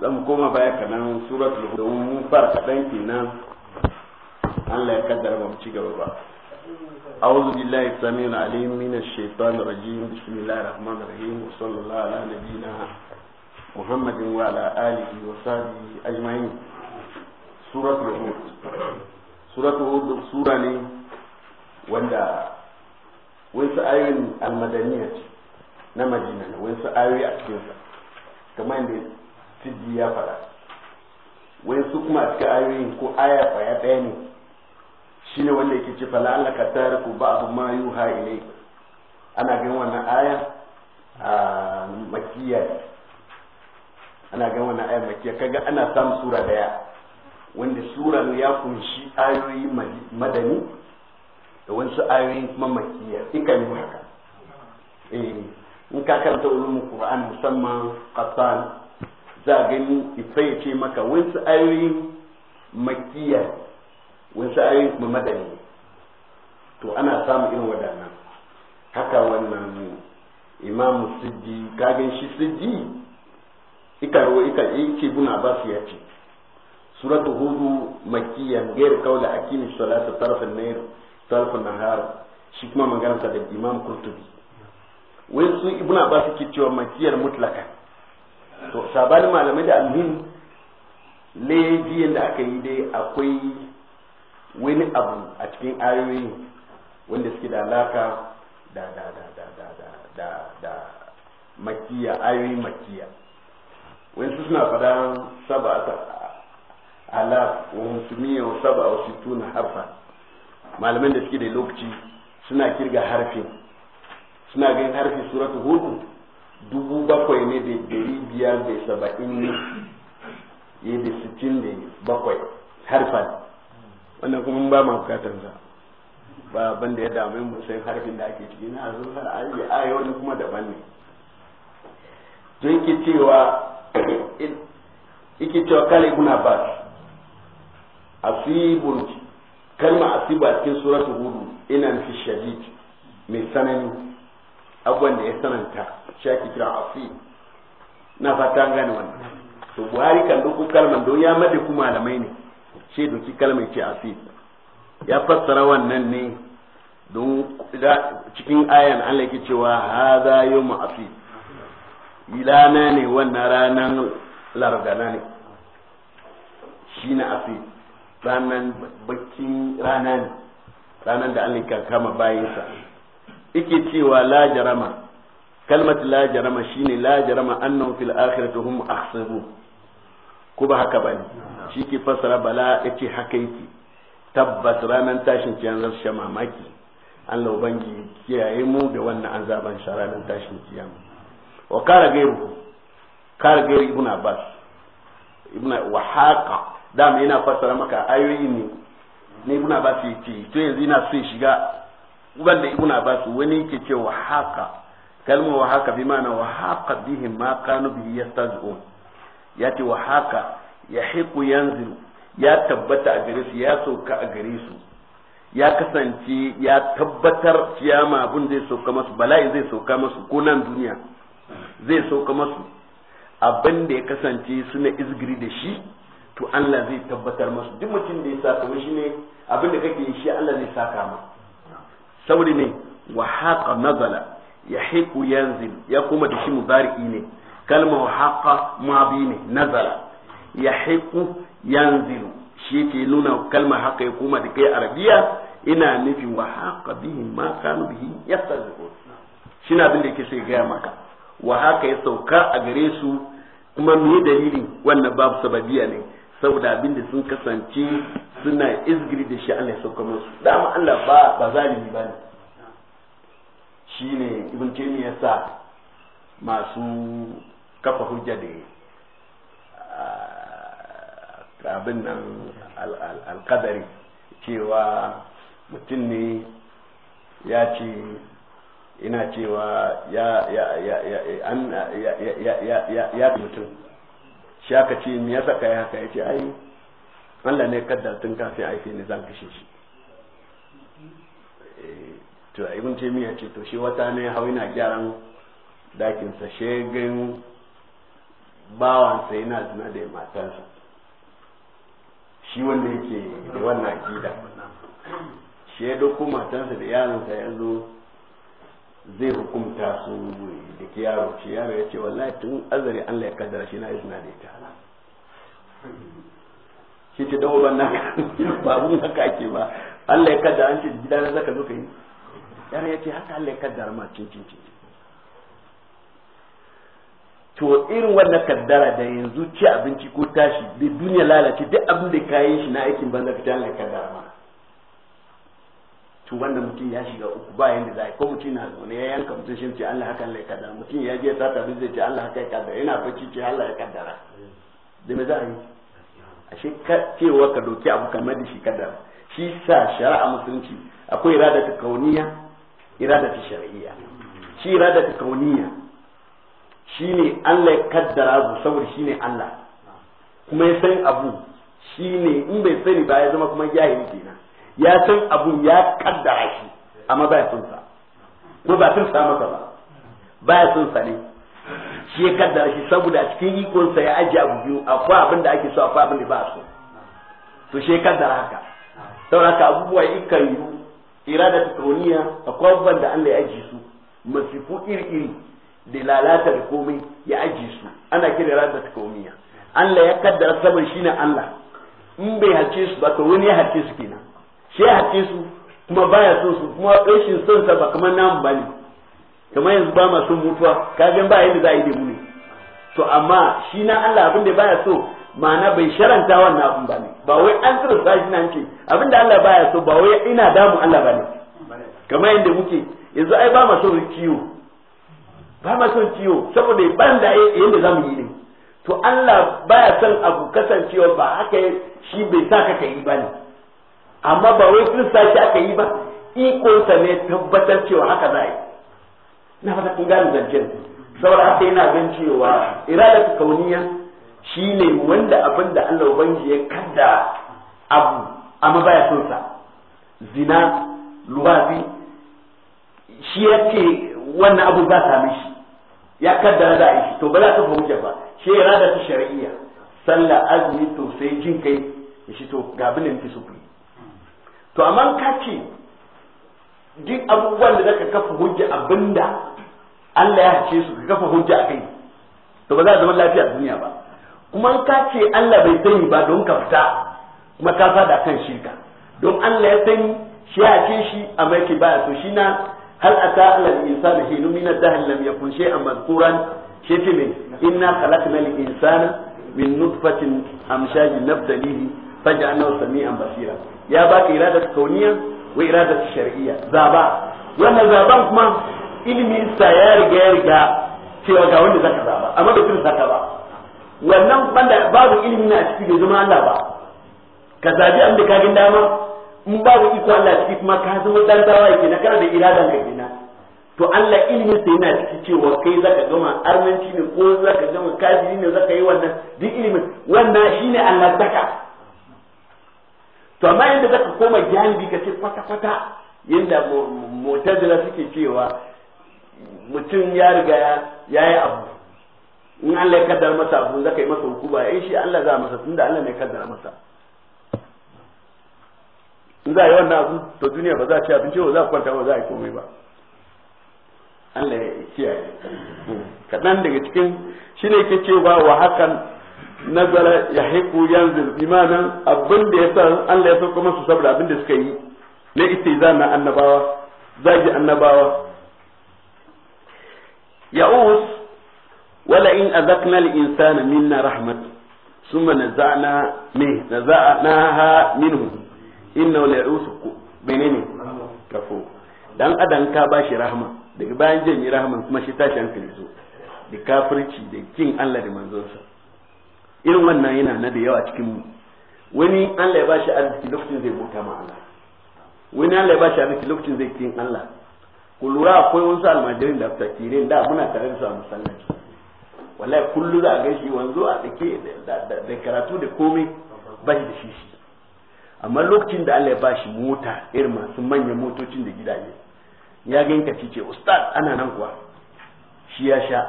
zan koma baya kanan suratul hudu mun fara kaɗan kenan Allah ya kaddara ba mu ci gaba ba a'udhu billahi samina alim minash shaitanir rajim bismillahir rahmanir rahim wa sallallahu ala nabiyyina muhammadin wa ala alihi wa sahbihi ajma'in suratul hud suratul hud sura ne wanda wani sa'ayin almadaniya ce na madina da wani ayoyi a cikinsa kamar yadda tijji ya faɗa wani su kuma a cikin ayoyin ko aya kwaya ɗaya ne shi ne wanda yake ce fala Allah ka tare ku ba abu ma yu ha ile ana gan wannan aya a makiya ana gan wannan aya makiya kaga ana samun sura daya wanda sura ya kunshi ayoyi madani da wasu ayoyin kuma makiya ikan yi haka eh in ka karanta ulumul qur'an musamman qatan za a gani sai ya ce maka wasu ayoyin makiya wasu ayoyin kuma madani to ana samun irin wadannan haka wannan imam sijji ka gan shi sijji ika ruwa ika ce buna ba ya ce suratu hudu makiya gair kaula akimi salata tarfin nahar shi kuma magana da imam kurtubi wai sun ibn abbas ke cewa makiyar mutlaka to sabani malamai da almin jiyan da aka yi dai akwai wani abu a cikin ayoyi wanda suke da alaka da da da da da da da da makiya ayoyi makiya wani su suna fada saba ala wa sumiya wa saba wa situna harfa malamai da suke da lokaci suna kirga harfin suna ganin harfi suratu hudu dubu bakwai ne da dari biyar da saba'in ne ya eh, da sittin da bakwai harfan wannan kuma ba ma bukatar sa ba ban da ya damu mu sai harfin da ake ciki na a ayi ayi wani kuma daban ne don ki cewa yake cewa kala ibn abbas asibun kalma asiba cikin suratu hudu ina fi shadid mai tsanani. abubuwan da ya sananta shaki kira afi na fata gane wannan to buhari kan duk kalmar don ya mada ku malamai ne ce doki kalmar ce afi ya fassara wannan ne don cikin ayan Allah yake cewa hadha yawm afi ilana ne wannan ranan largana ne shine afi ranan bakin rana ne ranan da Allah kan kama sa. ike cewa la jarama kalmat la jarama shine la jarama annahum fil akhirati hum ahsabu ko ba haka bane shi ke fasara bala yace haka yake tabbas ranan tashin kiyama za sha mamaki Allah ubangi kiyaye mu da wannan azaban sha tashin kiyama wa kara gairu kara gairu ibn abbas ibn wa haqa dama yana fasara maka ayoyi ne ne ibn abbas yace to yanzu ina so shiga wanda ibn abbas wani yake cewa haka kalmar wa haka bi ma'ana wa haka bihim ma kanu bihi yastazun yace wa haka yahiqu yanzilu ya tabbata a gare su ya sauka a gare su ya kasance ya tabbatar kiyama abin zai sauka masu bala'i zai sauka masu ko nan duniya zai sauka masu abin da ya kasance suna izgiri da shi to Allah zai tabbatar masu duk mutum da ya saka shi ne abin da kake yi shi Allah zai saka ma saboda ne wa haqa nazala haiku yanzu ya kuma da shi mudari'i ne kalma wa haqa mabi ne nazala haiku yanzu shi ke nuna kalma haka ya kuma da kai arabiya ina nufin wa haqa bihi ma kanu bihi yastazibun shi na abin da yake sai gaya maka wa haka ya sauka a gare su kuma me dalilin wannan babu sababiya ne saboda abin da sun kasance suna izgiri da shi Allah ya sauka musu dama Allah ba ba zalimi ba ne shine ibn kemi ya sa masu kafa hujja da abin nan alkadari cewa mutum ne ya ce ina cewa ya ya ya ya ya ya ya ya mutum shi aka ce me yasa kai haka yace ai Allah ne kaddar tun ka kafin aiki ne zan kashe shi eh, to ibn taymiya ce to shi wata ne hau yana gyaran dakin sa shegin bawansa yana zina da matarsa shi wanda yake da wannan akida shi ya doko matarsa da yaransa ya zo zai hukunta su da ke yaro ce yaro ya ce wallahi tun azari Allah ya kaddara shi na yi suna da ita shi ce dawo ban naka ba abun haka ake ba Allah ya kaddara an ce gida na zaka zo ka yi yaro ya ce haka Allah ya kaddara ma cin cin cin to irin wannan kaddara da yanzu ci abinci ko tashi da duniya lalace duk abin da kayan shi na aikin banza ka ta Allah ya kaddara ma to wanda mutum ya shiga uku ba yanda za ko mutum na zaune ya yanka mutum shi ce Allah haka Allah ya kaddara mutum ya je sata bi zai ce Allah haka ya kaddara yana bacci ce Allah ya kaddara da me za a yi ashe ka cewa ka doki abu kamar da shi kaddara shi sa shari'a musulunci akwai irada ta kauniya irada ta shar'iyya shi irada ta kauniya shi ne Allah ya kaddara abu saboda ne Allah kuma ya san abu shi ne in bai sani ba ya zama kuma jahili kenan ya san abun ya kaddara shi amma ba ya son sa ko ba sun sa masa ba ba ya son sa ne shi ya kaddara shi saboda a cikin ikon sa ya ajiye abu biyu akwai abin da ake so akwai abin da ba so to shi ya kaddara haka saboda haka abubuwa ikan yi irada ta kauniya akwai abubuwan da Allah ya ajiye su masifu iri-iri da lalata da komai ya ajiye su ana kira irada ta kauniya Allah ya kaddara saboda shine Allah in bai harce su ba to wani ya harce su kenan shi ya haƙe su kuma baya son su kuma rashin son sa ba kamar namu ba ne kamar yanzu ba ma son mutuwa kagan ba yadda za a yi da mu ne to amma shi na Allah abin da baya so ma'ana bai sharanta wannan abin ba ne ba wai an tsirsa shi nan ce abin da Allah baya so ba wai ina damu Allah ba ne kamar yadda muke yanzu ai ba ma son ba ma son kiwo saboda ban da yadda za mu yi ne to Allah baya son abu kasancewa ba haka shi bai sa ka yi ba ne amma ba wai kirista shi aka yi ba ikonsa ne tabbatar cewa haka za a yi na fata kun gani zancen saboda haka yana gan cewa iradatu kauniya shine wanda abin da Allah ubangiji ya kada abu amma baya son sa zina luwafi shi ya ce wannan abu za same shi ya kaddara za a yi shi to ba za ta fahimta ba shi ta shar'iyya sallah azumi to sai jin kai shi to ga bilin fi sufi to amma ka ce duk abubuwan da zaka kafa hujja abinda Allah ya hace su ka kafa hujja a kai to ba za a zama lafiya a duniya ba kuma ka ce Allah bai sani ba don ka fita kuma ka fada kan shirka don Allah ya sani shi ya ce shi a maiki baya to shi na hal ata insa da hinu min ad-dahr lam yakun shay'an madhkuran shi ce min inna khalaqna insana min nutfatin amshajin nabtalihi faja annahu sami'an basira ya baka irada kauniya wa irada shar'iyya zaba wannan zaban kuma ilimi sa ya riga ya riga cewa ga wanda zaka zaba amma bai kirsa ka ba wannan banda babu ilimi na ciki bai zama Allah ba ka zabi abin da ka gin dama in babu iko Allah ciki kuma ka zama dan tawaye na, kana da iradan ka kenan to Allah ilimin sa yana ciki cewa kai zaka gama armanci ne ko zaka gama kafiri ne zaka yi wannan duk ilimin wannan shine Allah saka to amma yadda za ka koma janibi ka ce kwata-kwata yadda motar da suke cewa mutum ya riga ya yi abu in Allah ya kaddara masa abu za ka yi masa hukuma in shi Allah za a masa tunda Allah ne kaddara masa in za a yi wannan abu to duniya ba za a ci abinci ba za a kwanta ba za a yi komai ba Allah ya kiyaye hmm. kaɗan daga cikin shi ne ke cewa wa hakan nazara ya haiku yanzu imanan abin da ya sa Allah ya sauka masu saboda abin da suka yi na za na annabawa zagi annabawa ya'us wala in azakna al-insana minna rahmat summa naza'na nazana ha minhu innahu la'us benene kafu dan adam ka bashi rahma daga bayan jin rahman kuma shi tashi hankali zo da kafirci da kin Allah da sa. irin wannan yana na da yawa cikin mu wani Allah ya ba shi arziki lokacin zai bauta ma Allah wani Allah ya ba shi arziki lokacin zai kin Allah ku lura akwai wasu almajirin da kire da muna tare da su a masallaci wallahi kullu za a shi wanzu a dake da karatu da komai ba shi da shi shi amma lokacin da Allah ya ba mota irin masu manyan motocin da gidaje ya ganka ci ce ustad ana nan kuwa shi ya sha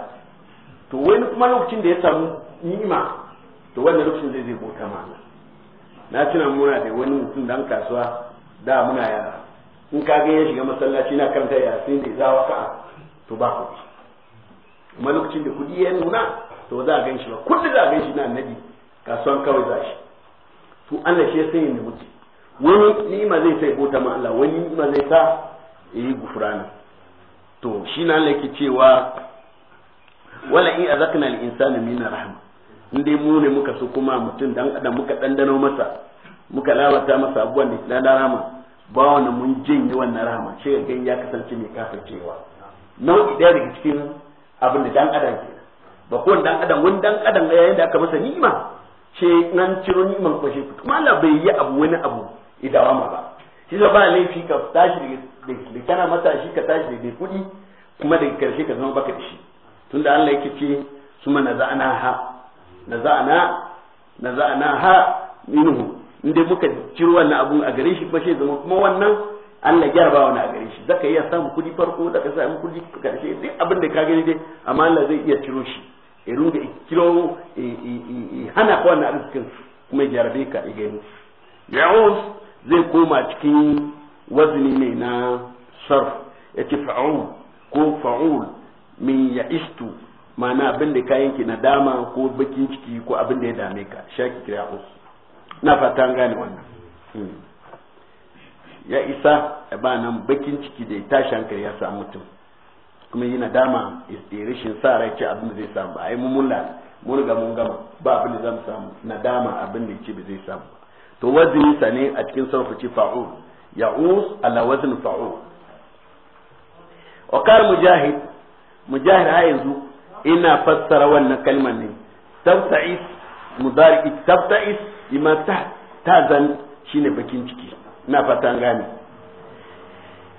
to wani kuma lokacin da ya samu ni'ima to wannan lokacin zai zai bota ma na tuna muna da wani mutum dan kasuwa da muna yara in ka ga ya shiga masallaci na karanta ya sai da za waka to ba ku amma lokacin da kudi ya nuna to za a ganshi ba kudi za a ganshi na annabi kasuwan kawai za shi to Allah shi ya sanya da mutu, wani ma zai sai bota ma Allah wani ma zai sa yi gufrana to shi na Allah yake cewa wala in azakna al-insana min rahmah indai mu ne muka su kuma mutum dan adam muka dandano masa muka lalata masa abubuwan da na rama ba wani mun janye wannan rama shi ga ya kasance mai kafircewa nau'i daya daga cikin abin da dan adam ke ba ko dan adam wani dan adam ga yayin da aka masa ni'ima ce nan ciro ni'iman ko shi kuma Allah bai yi abu wani abu ma ba shi da ba laifi ka tashi da kana matashi ka tashi da kuɗi kuma daga karshe ka zama baka da shi tunda Allah yake ce suma na za'ana ha naza'na naza'na ha minhu inda muka ciro wannan abun a gare shi ba shi zama kuma wannan Allah jarabawa wani a gare shi zaka iya samu kudi farko da ka samu kudi karshe duk abin da ka gani dai amma Allah zai iya ciro shi ya runga ciro hana ka wannan arzikin kuma jarabe ka ya gani ya'us zai koma cikin wazni ne na sarf ya ko fa'ul min ya'istu ma'ana abin da ka ki na dama ko bakin ciki ko abin da ya dame ka shaki kira us na fata an gane wannan hmm. ya isa ba nan bakin ciki da ya tashi hankali ya samu mutum kuma yana dama rashin sa rai ce abin da zai samu ba ai mun mulla mun ga mun gama ba abin da zamu samu nadama abin da yake ba zai samu to wazin sa ne a cikin sarfa ci fa'ul ya'us ala wazn fa'ul wa qala mujahid mujahid ha yanzu ina fassara wannan kalmar ne tabta'is mudari tabta'is ima ta tazan shine bakin ciki na fatan gane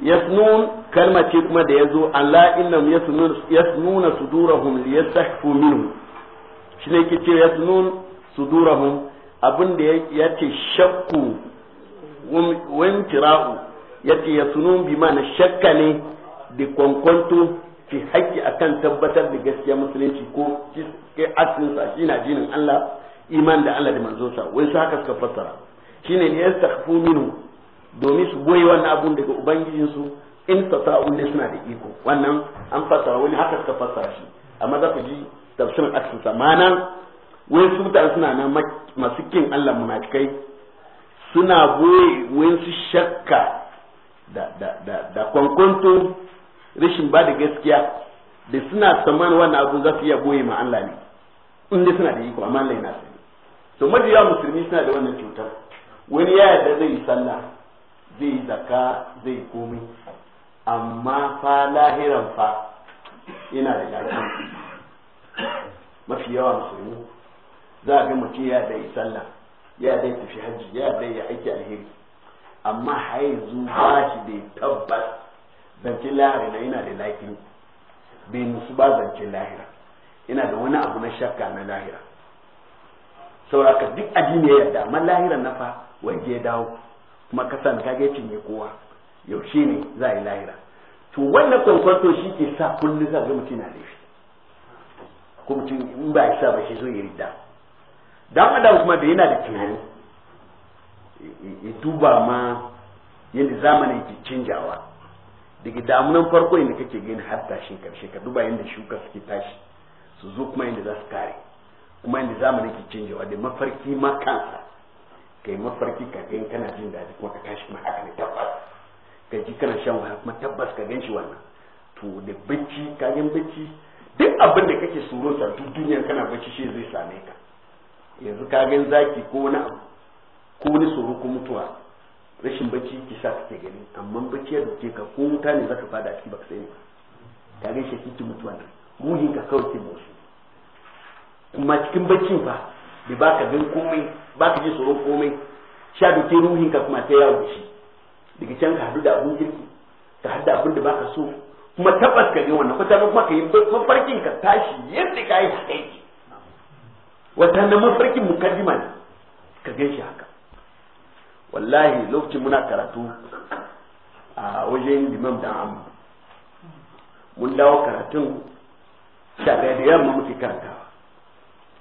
yasnun kalma ce kuma da yazo Allah innahum yasnun yasnuna sudurahum liyastahfu minhu shine yake ce yasnun sudurahum abin da ce shakku wani tira'u yace yasnun bi ma'ana shakka ne da kwankwanto ki haƙƙi a kan tabbatar da gaskiya musulunci ko kai asinsa shi na jinin Allah iman da Allah da manzonsa wai su haka suka fassara shi ne yastaghfu minhu domin su goyi wannan abun daga ubangijinsu in tata'u ne suna da iko wannan an fassara wani haka suka fassara shi amma za ku ji tafsirin asinsa ma'anan wai su mutane suna nan masu kin Allah munafikai suna goyi wai su shakka da da da da kwankwanto rashin ba da gaskiya da suna tsammanin wannan abu za su iya boye ma Allah ne in dai suna da iko amma Allah yana sani to majiya musulmi suna da wannan cutar wani ya yarda zai yi sallah zai yi zakka zai yi komai amma fa lahiran fa yana da yaki mafi yawa musulmi za a ga mutum ya yarda yi sallah ya da tafi hajji ya yarda ya aiki alheri amma haizu ba shi da tabbas zancen lahira na ina da laifin bai musu ba zancen lahira ina da wani abu na shakka na lahira sauraka duk addini ya yarda amma lahira na fa waje ya dawo kuma kasan kage cinye kowa yaushe ne za a yi lahira to wannan kwankwanto shi ke sa kullum za ga mutum na laifi ko mutum in ba ya sa ba shi zo ya rida dan adam kuma da yana da tunani ya duba ma yadda zamanin ke canjawa daga damunan farko inda kake gani har tashin karshe ka duba yadda shuka suke tashi su zo kuma yadda za su kare kuma yadda zamani ke canjawa da mafarki ma kansa kai mafarki ka gani kana jin daɗi kuma ka tashi kuma haka ne tabbas ka ji kana shan wahala kuma tabbas ka gan shi wannan to da bacci ka gan bacci duk abin da kake tsoro sa duk duniya kana bacci shi zai same ka yanzu ka gan zaki ko wani ko wani tsoro ko mutuwa rashin bacci ki sa kake gani amma bacci ya duke ka ko wuta ne zaka fada a ciki baka sani ba ka ga shi kike mutuwa ne muhin ka kawai ke musu kuma cikin baccin fa bai baka gan komai baka ji tsoron komai sha duke ruhin ka kuma ta yawo shi daga can ka hadu da abun kirki ka hadu da abun da baka so kuma tabbas ka ga wannan kwata kuma ka yi mafarkin ka tashi yadda ka yi haka yake wata na mafarkin mukaddima ne ka gan shi haka wallahi lokacin muna karatu a wajen limam da amu mun dawo karatun shagaya da yamma muke karanta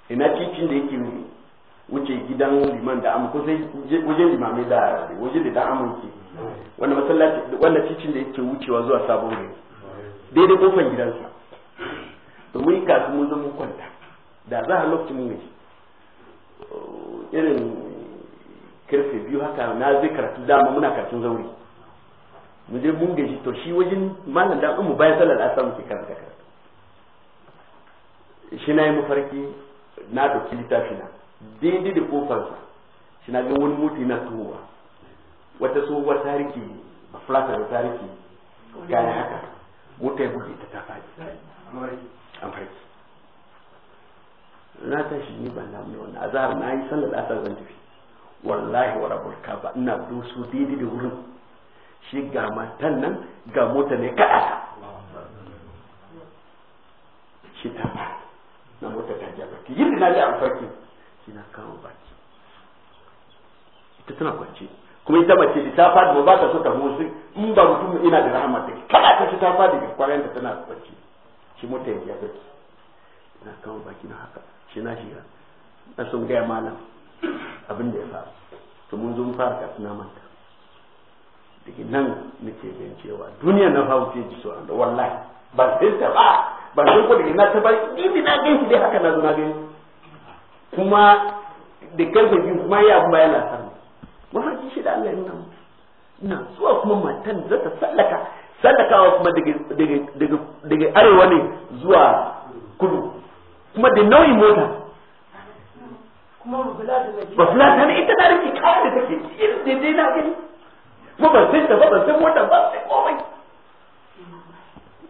ina cikin da yake wuce gidan liman da amu kusan wajen limamai da wajen da da amu ke wanda masallaci wanda cikin da yake wucewa zuwa sabon gari daidai kofar gidansa domin kasu mun zama kwanta da za a lokacin mu irin karfe biyu haka na zai karatu dama muna karatun zauri mu je mun gaji to shi wajen malam da mu bayan sallar asar muke karanta karatu shi na yi mafarki na ɗauki littafi na daidai da kofarsa shi na ga wani mutu na tuwa wata tsohuwar tariki a fulata da tariki kayan haka mota ya buɗe ta ta amfarki na tashi ni ban damu da wannan zahar na yi sallar asar zan tafi wallahi wa rabbul kaba ina dusu didi da wurin shi ga matan nan ga mota ne kaɗa shi ta na mota ta jaba ki yin na ji amfaki shi na kawo baki ita tana kwance kuma ita mace da ta fadi ba ta so ta musu in ba mutum ina da rahama ta kada ta ta fadi da kwarenta tana kwance shi mota ya ja ki na kawo baki na haka shi na shiga na sun gaya malam abin da ya faru to mun zo mu fara ka na manta daga nan nake gan cewa duniya na fa ce ji sauran da wallahi ba sai ta ba ba sai ko daga na ta ba ni na gan shi dai haka na zo na gan kuma da karfe biyu kuma ya abu bayan lasar mafarki shi da Allah ya nuna mu na zuwa kuma matan za ta sallaka sallakawa kuma daga arewa ne zuwa kudu kuma da nauyin mota kuma mafulata ne ita na rufe kayan da take cikin daidai na gani ba ban san ta ba ban san wannan ba sai komai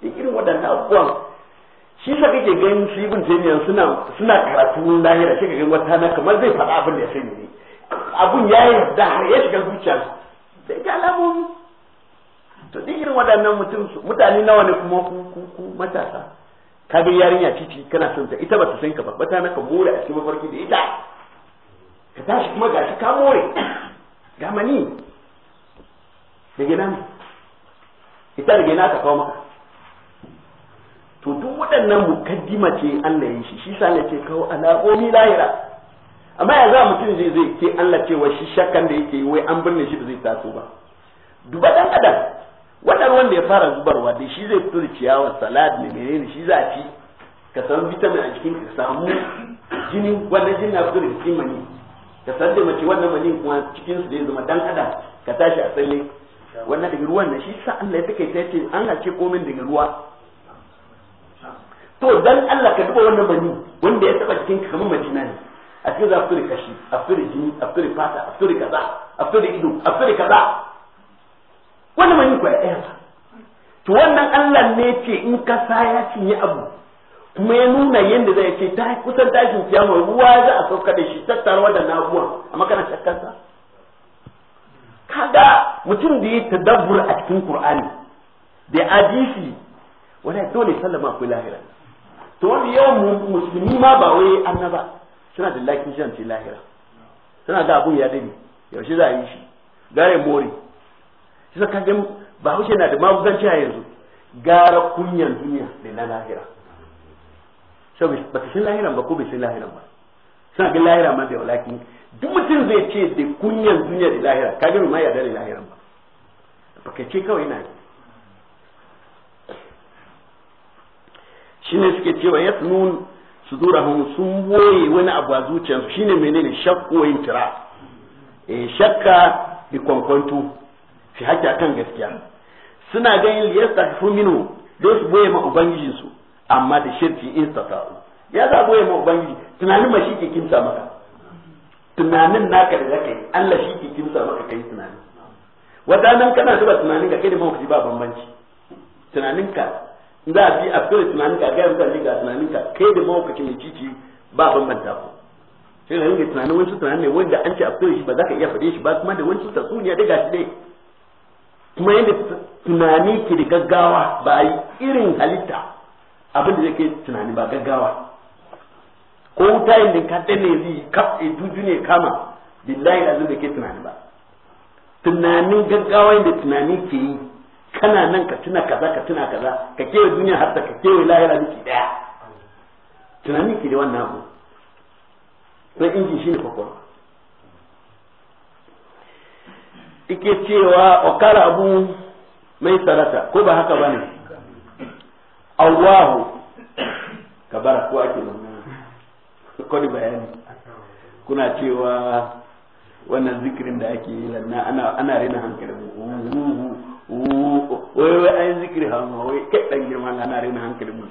duk irin waɗannan abubuwan shi sa kake ganin su ibn taymiyyah suna suna karatu lahira shi kaga wata na kamar zai faɗa abin da ya sani ne abun ya yarda har ya shiga zuciya da ita alamomi to duk irin waɗannan mutum mutane nawa ne kuma ku matasa ka ga yarinya titi kana son ta ita ba ta san ka ba bata na ka mura a cikin mafarki da ita ka tashi kuma ga ka more ga mani da gina ita da gina ka kawo maka to duk waɗannan mukaddima ce Allah ya shi shi sa ne ce kawo alaƙomi lahira amma ya za mutum zai zai ke Allah cewa shi shakkan da yake wai an binne shi da zai taso ba duba dan adam wannan wanda ya fara zubarwa da shi zai fito da ciyawa salad ne menene shi za a ci ka samu vitamin a jikin ka samu jini wannan jini na fito da cikin mani ka san da mace wannan mani kuma cikin su da ya zama dan adam ka tashi a tsalle wannan daga ruwan nan shi sa Allah ya take ta ce an hace komin daga ruwa to dan Allah ka duba wannan mani wanda ya taba cikin kamar majina ne a cikin za a fure kashi a fure jini a fure fata a fure kaza a fure ido a fure kaza wannan mani ya ɗaya ba to wannan Allah ne ce in ka sa ya cinye abu kuma ya nuna yadda zai ce ta kusan tashin kiyama ruwa za a sauka da shi wadda da abuwa a makana shakkansa kaga mutum da ya tadabbur a cikin qur'ani da hadisi wala dole sallama akwai lahira to wani yawan musulmi ma ba wai annaba suna da lakin shan ce lahira suna da abun ya dade yaushe za a yi shi gare mori shi sa ga ba hushe na da maguzanci a yanzu gara kunyan duniya da na lahira to ba ta san lahiran ba ko bai san lahiran ba suna ga lahira ma da walakin duk mutum zai ce da kunyan duniya da lahira ka gani ma ya da lahiran ba ka ce kawai na shine suke cewa yasnun sudurahum sun boye wani abu a zuciyarsu shine menene shakku wa intira eh, shakka bi kwankwanto fi hakka kan gaskiya suna ganin fi minu don su boye ma ubangijinsu amma da shirki istata'u ya za goye ma ubangiji tunanin ma shi ke kimsa maka tunanin naka da zaka Allah shi ke kimsa maka kai tunani wadannan kana duba tunanin ka kai da mawuci ba bambanci tunanin ka za a bi a fere tunanin ka ga mutane ga tunanin ka kai da mawuci ne cici ba bambanta ku sai da ringa tunanin wani tunanin ne wanda an ce a fere shi ba za ka iya faɗe shi ba kuma da wani tatsuniya da gashi dai kuma yadda tunani ke da gaggawa ba a yi irin halitta abin da yake tunani ba gaggawa ko wuta yin ka ne zai kaf a juju ne kama billahi lazim da ke tunani ba tunanin gaggawa da tunani ke yi kana nan ka tuna kaza ka tuna kaza ka kewa duniya har ka kewa lahira miki ɗaya tunani ke da wannan abu sai shi ne kwakwalwa ike cewa wakala abu mai sarata ko ba haka ba ne Allahu kabara ko ake wannan kwani bayani kuna cewa wannan zikirin da ake yi lanna ana ana rena hankali mu wai wai an zikiri hannu wai kai dan girma ana rena hankali mu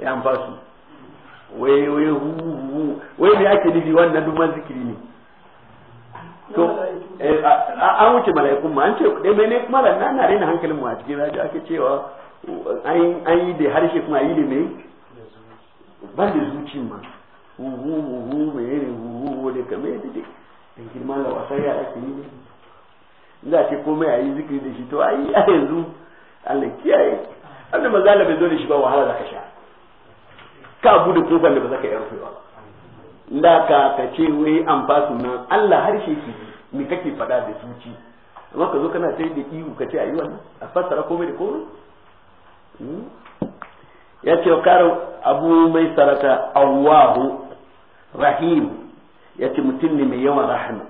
ya an fasu wai wai hu wai ne ake nufi wannan duman zikiri ne to eh, an wuce mala'ikun ma an ce dai eh, ne kuma lanna ana rena hankali mu a cikin raji ake cewa an yi da harshe kuma yi da mai ban da zuci ma huhu huhu mai ne huhu da kame da dai dan girma da wasan yara su yi ne za ce komai a yi zikiri da shi to a yi a yanzu Allah kiyaye abin mazala bai zo da shi ba wahala za ka sha ka bude kofar da ba za ka yi ba, da ka ka ce wai an ba su nan Allah harshe ki me kake faɗa da zuci amma ka zo kana sai da ihu ka ce a yi wannan a fassara komai da komai ya ce karin abu mai sarata allahu rahim ya ce mutum ne mai yawan rahama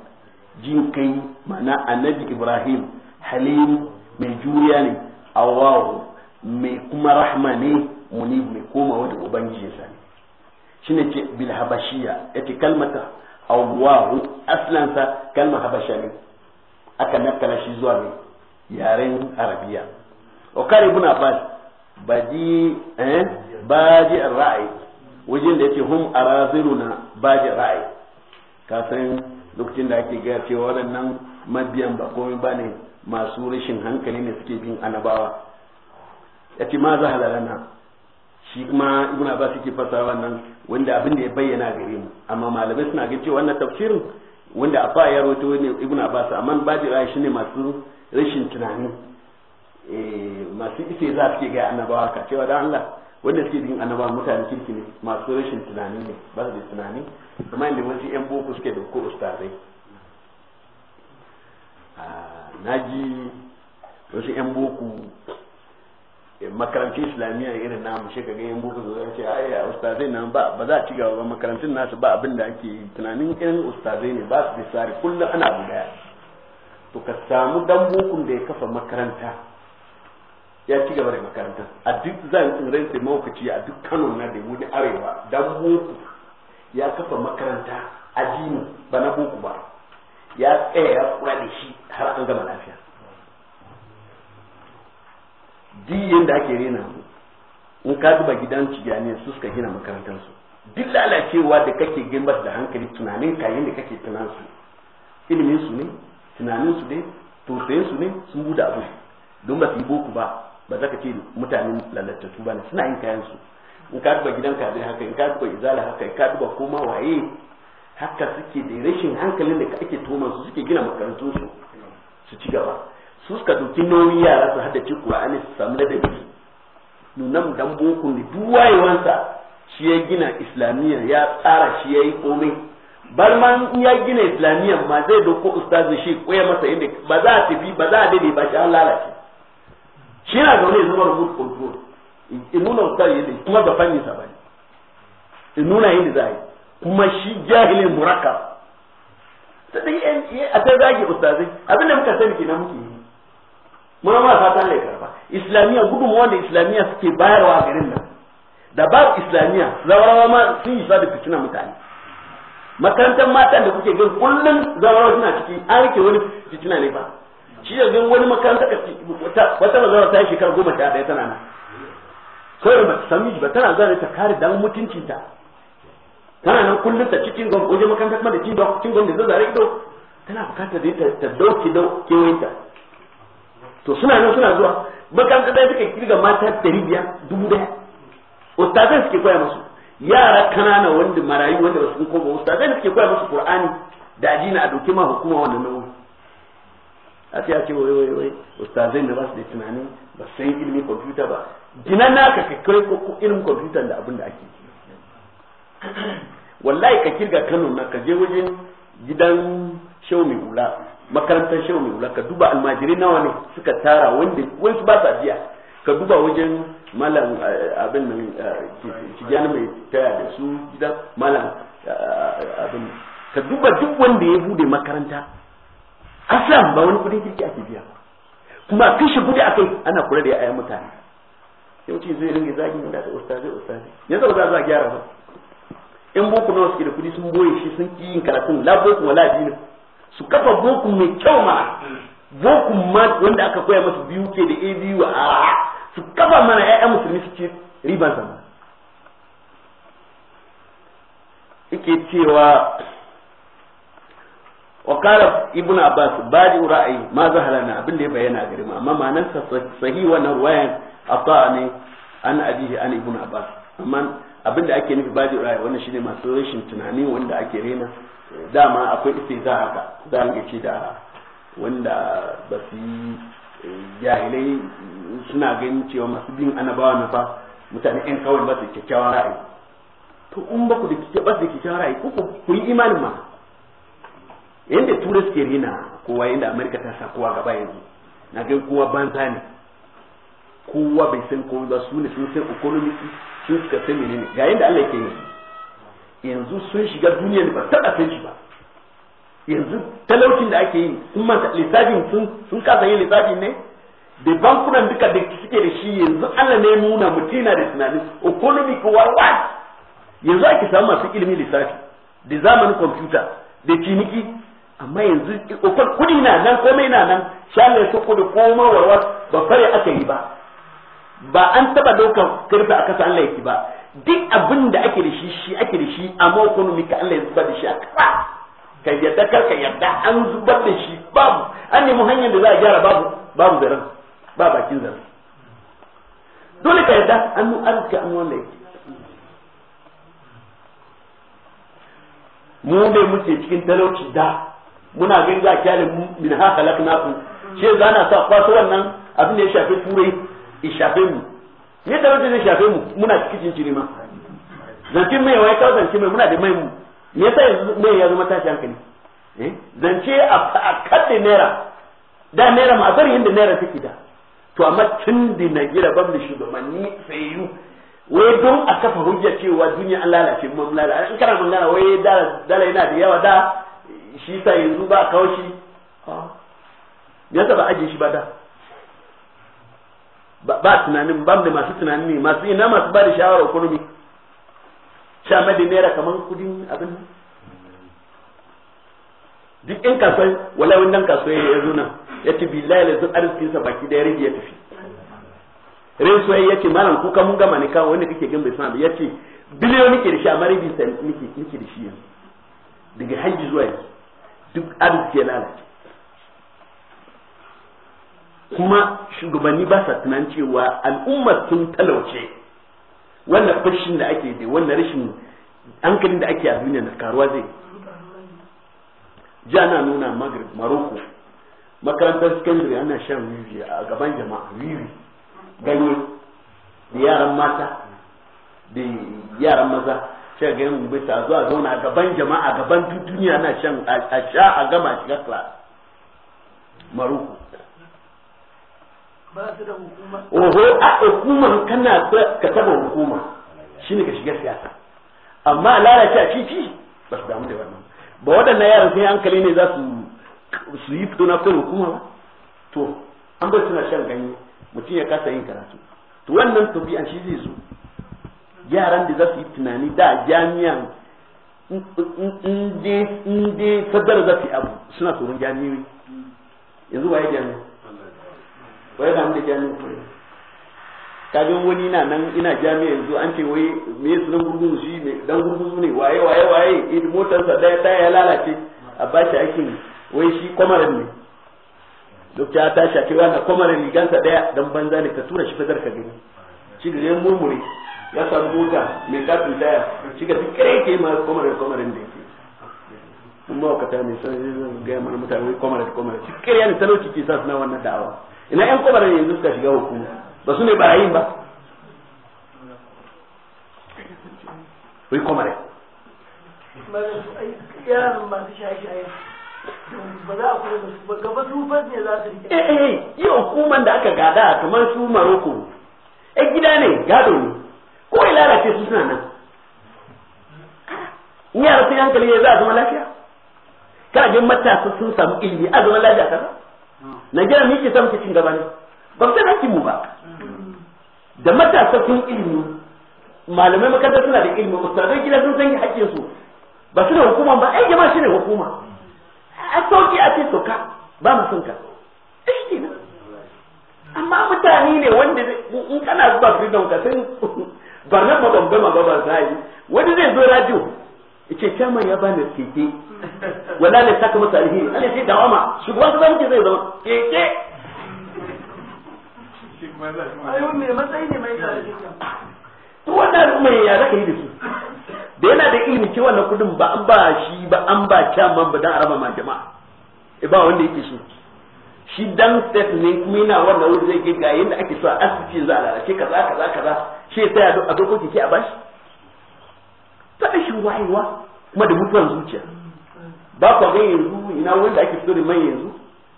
jin kai mana annabi ibrahim halim mai juriya ne allahu mai kuma rahma ne muni mai komawa da ubangijinsa ne shi ne ce bilhabashiya ya ce kalmata allahu aslansa kalmar habasha ne aka nakala shi zuwa ne yaren arabiya o kare baji eh baji ra'ayi wajen da yake hum araziruna baji ra'ayi ka san lokacin da ake ga cewa waɗannan mabiyan ba komai ba ne masu rashin hankali ne suke bin annabawa yace ma za halalana shi kuma ibn abbas suke fasa wannan wanda abin da ya bayyana gare mu amma malamai suna ga cewa wannan tafsirin wanda afa ya rawaito ne ibn abbas amma baji ra'ayi shine masu rashin tunani Eh, masu ise za su ke gaya annabawa ka cewa da Allah wanda suke bin annaba mutane kirki ne masu rashin tunani ne ba su da tunani kuma inda wasu yan boko suke da ko ustazai ah, na ji wasu yan boko eh, makarantar islamiyya irin namu shi ga yan boko zuwa ce ai ustazai nan ba ba za a ci gaba ba makarantun nasu ba abin da ake tunanin irin ustazai ne ba su da tsari kullum ana abu to ka samu dan bokun da ya kafa makaranta ya ci gaba da makaranta a duk zan tsirrai sai mawukaci a duk kano na da wani arewa dan boko ya kafa makaranta jini ba na boko ba ya tsaya ya kura da shi har an gama lafiya diyin da ake rena in ka duba gidan cigani su suka gina makarantarsu duk lalacewa da kake gimbar da hankali tunanin kayan da kake tunansu ilimin su ne tunanin su ne tausayin su ne sun buɗe abu don ba su yi boku ba ba za ka ce mutanen lalatattu ba ne suna yin kayansu. su in ka duba gidan kabe haka in ka duba izala haka in ka duba koma waye haka suke da rashin hankalin da ake toman su suke gina makarantun su su ci gaba su suka doki nauyi yara su ci qur'ani su samu ladabi nunan dan boko ne duk wayewansa shi ya gina islamiyya ya tsara shi ya yi komai bar ma ya gina islamiyya ma zai doko ustazi shi koya masa yadda ba za a tafi ba za a dade ba shi an lalace shi na zaune ya zama remote control in nuna yi yadda kuma da fannin sa bane in nuna yadda za a yi kuma shi jahilin ɗin yan dai a ta zage ustazai abin da muka sani kenan muke yi muna ma fatan da karfa islamiyya gudunmuwa wanda islamiyya suke bayarwa a garin nan da ba islamiyya zawarawa ma sun yi da fitina mutane makarantar matan da kuke gan kullum zawarawa suna ciki an rike wani fitina ne ba shi yanzu wani makaranta ka wata wata mazara ta shekara goma sha ɗaya tana nan kawai ba ta sami ba tana zuwa ta kare dan mutuncinta tana nan kullum ta cikin gwam wajen makaranta kuma da cikin gwam cin da zazzare ido tana bukatar da ta dauke kewayenta to suna nan suna zuwa makaranta ɗaya suka kirga mata ɗari biyar dubu ɗaya ustazai suke koya musu yara kanana wanda marayu wanda ba su kuma ustazai suke koya musu qur'ani da ajina a dauke ma hukuma wannan nauyi a sai a ce wai wai wai ustazai ne ba su da tunani ba san ilimin kwamfuta ba gina naka ka kai ko ilimin kwamfuta da abin da ake wallahi ka kirga Kano na ka je wajen gidan shehu mai hula makarantar shehu mai hula ka duba almajirai nawa ne suka tara wanda wansu ba sa biya ka duba wajen malam eh, abin nan eh, kijiyar mai taya da su gidan malam eh, abin ka duba duk wanda ya bude makaranta Aslam ba wani kudin kirki ake biya kuma kashe kudi akai ana kula da yayan mutane yau ce zai ringa zagi ne da ustazi ustazi yanzu ya za a gyara ba in boko nawa suke da kudi sun boye shi sun ki yin karatun la boko wala dinin su kafa boko mai kyau ma boko ma wanda aka koya masa biyu ke da abu a su kafa mana yayan musulmi su ce riban zama yake cewa wa qala ibn abbas badi ra'ayi ma zahalana abin da ya bayyana a gare mu amma ma'anar sa sahihi wannan ruwayan ata ne an abihi an ibn abbas amma abin da ake nufi badi ra'ayi wannan shine masu rashin tunani wanda ake rena dama akwai za haka za a ce da wanda ba su eh, jahilai suna ganin cewa masu bin anabawa na fa mutane yan kawai ba su kyakkyawan ra'ayi to in ba ku da ba su da kyakkyawan ra'ayi ko ku yi imanin ma yadda turai suke rina kowa yadda amerika ta sa kowa gaba yanzu na ga kowa banza ne kowa bai san kowa ba su ne sun san economics sun suka san menene ga yadda Allah yake yi yanzu sun shiga duniyar ba taɓa san shi ba yanzu talaucin da ake yi kuma lissafin sun sun kasa yin lissafin ne da bankunan duka da suke da shi yanzu Allah ne nuna mutina da tunani kowa wa yanzu ake samu masu ilimin lissafi da zamanin kwamfuta da ciniki amma yanzu kudi na nan komai na nan shalai su kudi komai warwar ba fare aka yi ba ba an taba dokar karfe a kasa Allah yake ba duk abin da ake da shi shi ake da shi amma ekonomi ka Allah ya zubar da shi a kasa ka yadda kar ka yadda an zubar da shi babu an nemi hanyar da za a gyara babu babu zaren ba bakin zaren dole ka yadda an mu an ka an wanda yake mu dai muke cikin talauci da muna gani za kyale min ha ku ce za na sa kwasu wannan abin da ya shafi turai ya shafe mu ne da wajen ya shafe mu muna cikin cire ma zance mai wai kawo zance mai muna da mai mu me yasa yanzu mai ya zama tashi hankali eh, zance a kadda naira da naira ma bari yadda naira take da to amma tun da na gida ban da shugabanni tsayu wai don a kafa hujja cewa duniya an lalace mun lalace in kana mun lalace wai dala yana da yawa da shi sa yanzu ba a kawo shi ah. yasa ba ajiye shi ba da ba tunanin ba da masu tunanin ne masu ina masu ba da shawarar kurmi sha madin naira kamar kudin abin duk in kasuwa wala wannan kasuwa ya zo nan ya ce billahi lazun arzikinsa baki da ya rage ya tafi rai soyayya ya ce malam kuka mun gama ne kawo wanda kake gan bai san ya ce biliyon nike da shi amma rabi nike da shi yanzu daga hajji zuwa yanzu duk arziki ya lalace kuma shugabanni ba sa tunan cewa al'ummar sun talauce wannan fashin da ake da wannan rashin hankalin da ake a duniya da karuwa zai ji ana nuna magrib maroko makarantar secondary ana shan wiwi a gaban jama'a wiwi ganye da yaran mata da yaran maza sai ga yin gobe ta zuwa zauna a gaban jama'a gaban duniya na shan a sha a gama shiga class maruku ba su da hukuma oho a hukuma kana ka taba hukuma shine ka shiga siyasa amma lalace a cici ba su damu da wannan ba waɗannan yaran sai hankali ne za su yi fito na kan hukuma ba to an bar suna shan ganye mutum ya kasa yin karatu to wannan an shi zai zo yaran da za su yi tunani da jami'an in dai sadar za su yi abu suna tsoron jami'ai yanzu waye jami'a waye da da jami'a kaga wani na nan ina jami'a yanzu an ce wai me su nan gurgun shi ne dan gurgun ne waye waye waye idan eh, motarsa daya ta ya lalace a ba shi aikin wai shi kwamarin ne duk ta tashi a kai wannan kwamarin ligansa daya dan banza ne ka tura shi fadar ka gani shi da murmure ya san mota mai katin daya shi ga duk kare ke ma komarin komarin da yake in mawakata mai san zai gaya mana mutane wai komarin komarin shi kare ya talauci lokaci sa suna wannan da'awa ina yan komarin yanzu suka shiga hukuma ba su ne barayin ba wai komarin eh, eh eh yi hukuman da aka gada kamar su maroko ai gida ne gado ne ko ya lalace su suna nan in yara sun hankali ne za a zama lafiya kana jin matasa sun samu ilimi a zama lafiya kaza Najeriya gina miki samu ke cin gaba ne ba mu san hakkin mu ba da matasa sun ilimi malamai makaranta suna da ilimi ustazai gida sun san hakkin su ba su da hukuma ba ai jama'a shine hukuma a sauki a ce soka ba mu sun ka amma mutane ne wanda in kana zuwa gidan ka sun barna ma ban gama ba ba zai wani zai zo radio yace chairman ya bani keke wala ne saka masa alheri Allah sai dawama shugaban kasa muke zai zama keke ayo ne mai to wannan mai ya zaka yi da su da yana da ilimi ce wannan kudin ba an ba shi ba an ba chairman ba dan araba ma jama'a e, ba wanda yake so shi dan step ne kuma yana wannan wuri zai ga yadda ake so a asibiti za a lalace kaza kaza kaza shi a tsaya a doko ke a bashi ta rashin wayewa kuma da mutuwan zuciya ba ku ga yanzu ina wanda ake fito da mai yanzu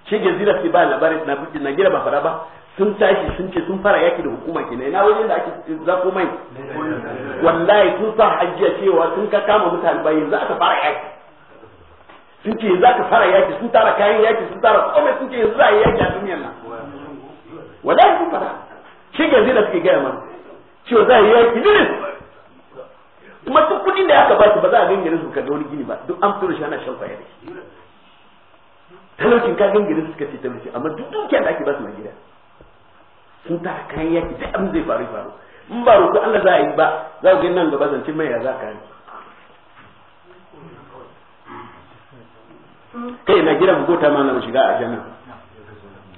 shi jazira sai ba labarin na fitin na gira ba fara ba sun tashi sun ce sun fara yaki da hukuma kenan ina wajen da ake ko mai wallahi sun sa hajjiya cewa sun ka kama mutane ba yanzu aka fara yaki sun ce yanzu aka fara yaki sun tara kayan yaki sun tara kome sun ce yanzu za a yi yaki a duniyar nan wallahi sun fara shi jazira suke gaya mana cewa za a yi yaki lilis kuma duk kudin da aka ba su ba za a gangare su kaga wani gini ba duk an fito shi ana shan kwaya da shi talaucin ka gangare su suka ce talauci amma duk dukiya da ake ba su na gida sun tara kayan yaki duk abin zai faru faru in ba roƙo Allah za a yi ba za ku gina gaba zance mai ya za ka yi kai na gidan gota ma na shiga a jannan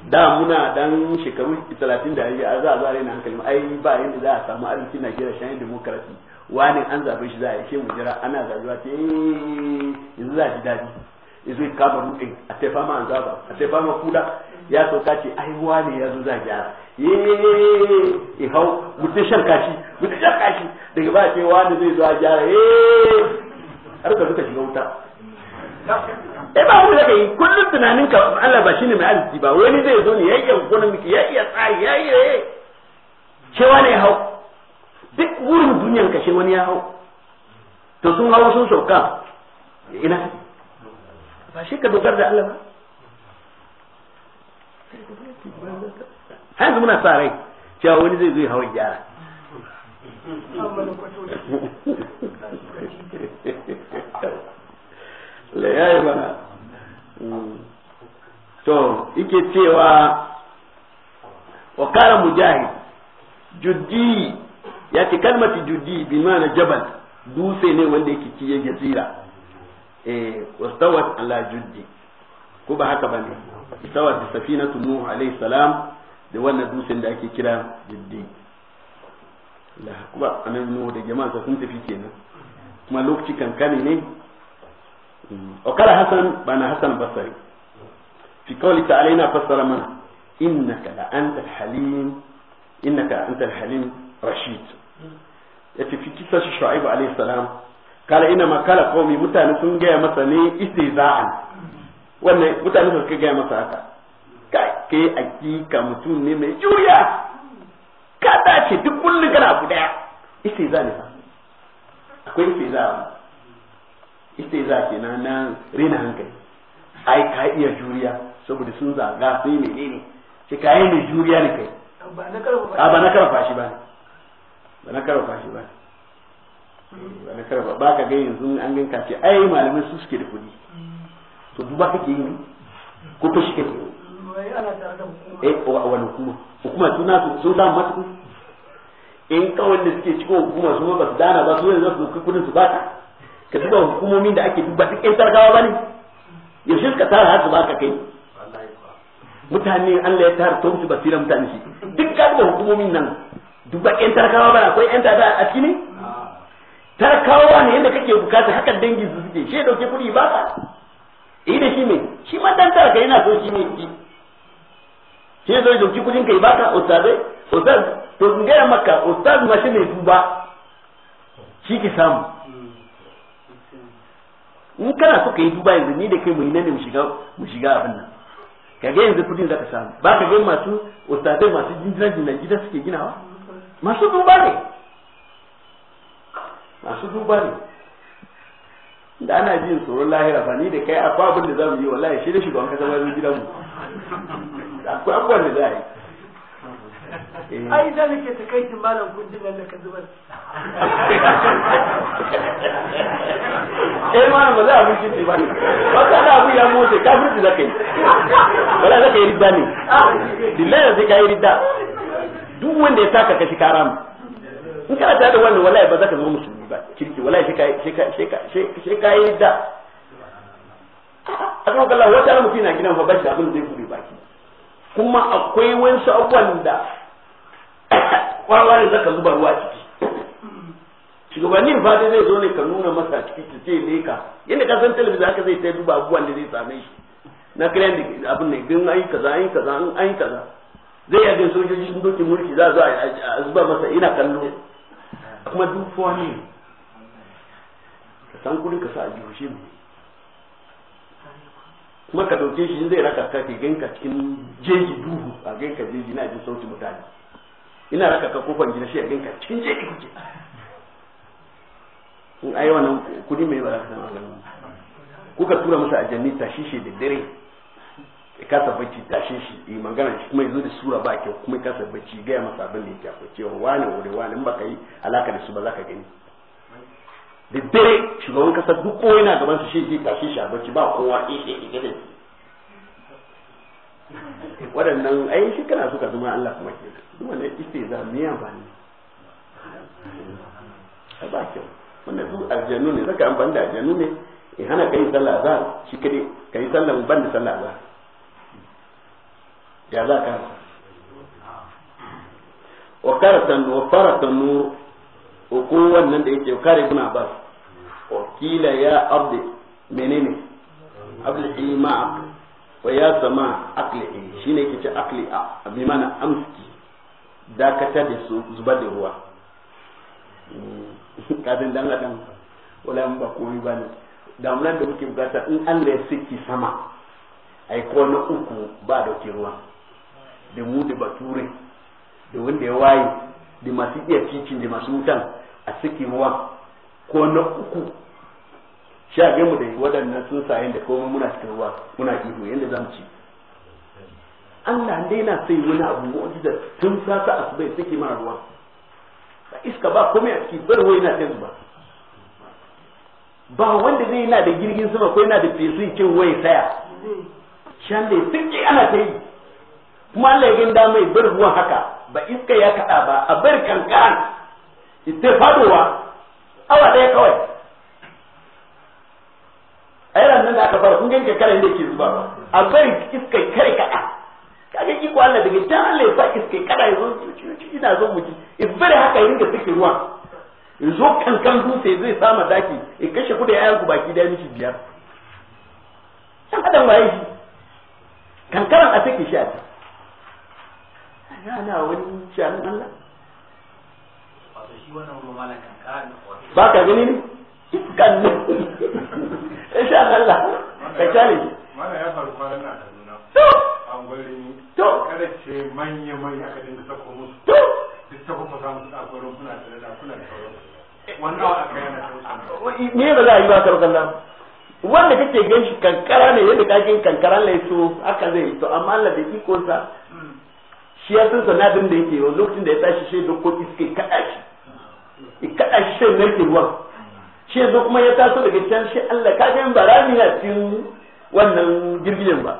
da muna dan shekaru 30 da yi a za a zare na hankali ai ba yanda za a samu arziki na gida shan demokrasi wani an zabe shi za a yi mu jira ana zazuwa ce eh, yanzu za a ji dadi yanzu ka bar mutum a tefa ma an zaba a tefa ma kuda ya sauka ce ai wani ya zo za a gyara eh, ye hau mutum shan kashi mutum shan kashi daga ba ce wani zai zo a gyara ye eh, har ka suka shiga wuta eh ba mu da kai kullun tunanin ka Allah ba shine mai arziki ba wani zai zo ne ya iya gonan miki ya iya tsari ya iya cewa eh. ne hau duk wurin duniyan kashe wani ya hau to sun hau sun sauka ina ba shi ka dogar da Allah ba har muna sa rai cewa wani zai zo ya hawan gyara Thank you. la yi mana mm. to ike cewa wakara kana mujahid juddi ya ce kalmati juddi bi mana jabal dutse ne wanda yake ciye jazira eh wastawat ala juddi ko ba haka bane istawat bi safinatu nuh alayhi salam da wannan dutsen da ake kira juddi la kuma anan nuh da jama'a sun tafi kenan kuma lokaci kankani ne وقال حسن بأن حسن البصري في قوله تعالى هنا فسر منه إنك لأنت الحليم إنك أنت الحليم رشيد yace fi kisa shi shu'aibu alayhi salam kala ina ma kala qaumi mutane sun gaya masa ne istiza'an wannan mutane suka gaya masa haka kai ke hakika mutum ne mai juriya ka dace duk kullun gara abu daya istiza ne akwai istiza ita za ke na na rena hankali ai ka iya juriya saboda sun zaga sai ne ce ka yi mai juriya ne kai ba na karfa shi ba ba na karfa shi ba eh, ba na karfa ba ka ga yanzu an ganka ce ai malamin su suke da kudi?" to duba kake yi ko to shi kake yi eh wani hukuma hukuma suna sun samu masu in kawai da suke cikin hukuma su ba su dana ba su yanzu su kudin su ba ka ka duba hukumomin da ake duba duk yan targawa ba ne yaushe suka tara haka ba ka kai mutane Allah ya tara ta wuce basira mutane shi duk ka duba hukumomin nan duba yan targawa ba akwai yan tada a cikin? ne tarkawa ne yadda kake bukata haka dangi su suke shi dauke kuɗi ba ka yi eh, da shi ne shi ma dan tarka yana so shi ne shi shi zo ya dauki kuɗin kai baka ustazai ustaz to in gaya maka ustaz ma shi ne duba shi ki samu in kana so ka yi duba yanzu ni da kai mu yi ne mu shiga mu shiga abin nan ka ga yanzu kudin zaka samu ba ka ga masu ustadai masu jinjina jina gida suke ginawa masu duba ne masu duba ne da ana jin tsoron lahira ba ni da kai akwai abin da za mu yi wallahi shi da an kasa ma zo mu akwai abubuwan da za a yi Eh. ai da nake takaitin malam kundin nan da ka zubar eh ma ba za a mishi ba ba ka da abu ya motsa ka mutu da kai ba za ka yi ridda ne billahi sai ka yi ridda duk wanda ya saka kashi karama in kana ta da wannan wallahi ba za ka zama musulmi ba kirki wallahi sai ka sai ka sai ka yi ridda a kan kallon wata mutum na gidan fa bashi abin da zai bude baki kuma akwai wasu abubuwan da ne zaka zuba ruwa ciki shugabannin fata zai zo ne ka nuna masa ciki ta ce ne ka yadda ka san talabijin haka zai ta duba abubuwan da zai same shi na kiran da abin ne gin ayi kaza ayi kaza ayi kaza zai yi abin sojoji sun doke mulki za zo a zuba masa ina kallo kuma duk ne ka san kudin ka sa a jihoshi mu kuma ka dauke shi zai raka ka ke ganka cikin jeji duhu a ganka jeji na jin sautin mutane ina raka ka kofar gina shi a ganka cikin jeji kuke in ayi wannan kudi mai ba za ka samu ganin kuka tura masa ajanni tashi shi da dare ya kasa bacci tashi shi yi eh, magana shi kuma yanzu da sura ba kyau kuma ya kasa bacci gaya masa abin da ya akwai cewa wani wuri wani in ka yi alaka da su ba za ka gani da dare shugaban kasa duk kowa yana gaban su shi tashi shi a bacci ba kowa ishe igirin waɗannan ai shi kana suka zama Allah kuma ke duk wannan ishe za mu yi amfani a ba kyau wanda su aljanu ne zaka amfani da aljanu ne ya hana kai sallah za shi kadai kai sallah ban da sallah za ya za ka wa karatan wa faratan ko wannan da yake kare ibn abbas wakila ya abdi menene abdi ima wa ya sama akli shine yake ce akli a bi mana amski dakata da su zubar da ruwa hmm. kafin dan ladan wala ba komai ba ne damunan da muke bukata in Allah ya siki sama ai ko na uku ba da ruwa da mu da bature da wanda ya waye da masu iya cikin da masu wutan a suke ruwa ko na uku sha ga mu da waɗannan tsuntsayen da komai muna cikin ruwa muna ihu yadda za mu ci Allah dai na sai wani abu da tun sata bai suke mana ruwa ba iska ba komai a ciki bar wai na ta ba ba wanda zai yana da jirgin sama ko yana da fesin kin wai saya shan da sun ana ta yi kuma Allah ya ganda mai bar ruwan haka ba iska ya kaɗa ba a bar kankan ita fadowa awa ɗaya kawai a yaran nan da aka fara kun ganke kare inda ke zuba ba a bar iska kare kaɗa ki iko Allah daga can Allah ya sa iska kaɗa ya zo ina zo muji in bar haka ya ringa saki ruwa in zo kankan dutse zai sama daki in kashe kuɗi ya yanku baki da miki biyar san adam waye shi kankaran a take shi a gana wani shanin Allah ba ka gani ne iskan ne ya sha Allah ka kyale mana ya faru kwanan na Kaduna To! an ne. to kada ce manya manya ka dinga sako musu to duk ta kuma samu su akwai rumfuna da da kula da sauransu wannan a kai na sauransu me ba za a yi ba karɓar Allah wanda kake gan shi kankara ne yadda kakin kankaran ne haka zai to amma Allah da ikonsa shi ya san sanadin da yake lokacin da ya tashi shi dokoki iske kada shi kada shi sai mai ruwa shi yanzu kuma ya taso daga can shi Allah ka ga barami rami na cikin wannan girgijen ba